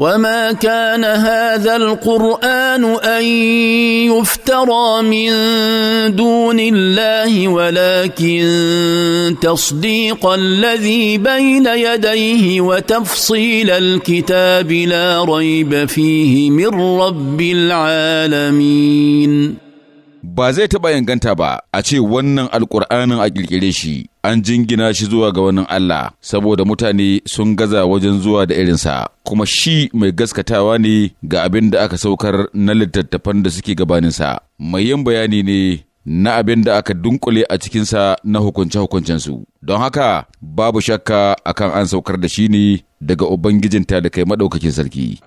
وما كان هذا القران ان يفترى من دون الله ولكن تصديق الذي بين يديه وتفصيل الكتاب لا ريب فيه من رب العالمين ba zai taɓa inganta ba a ce wannan alƙur'anin a ƙirƙire shi an jingina shi zuwa ga wannan Allah saboda mutane sun gaza wajen zuwa da irinsa kuma shi mai gaskatawa ne ga abin da aka saukar na littattafan da suke gabaninsa mai yin bayani ne na abin da aka dunkule a cikinsa na hukunce-hukuncensu don haka babu shakka akan an saukar da shi ne daga Ubangijinta da kai maɗaukakin sarki.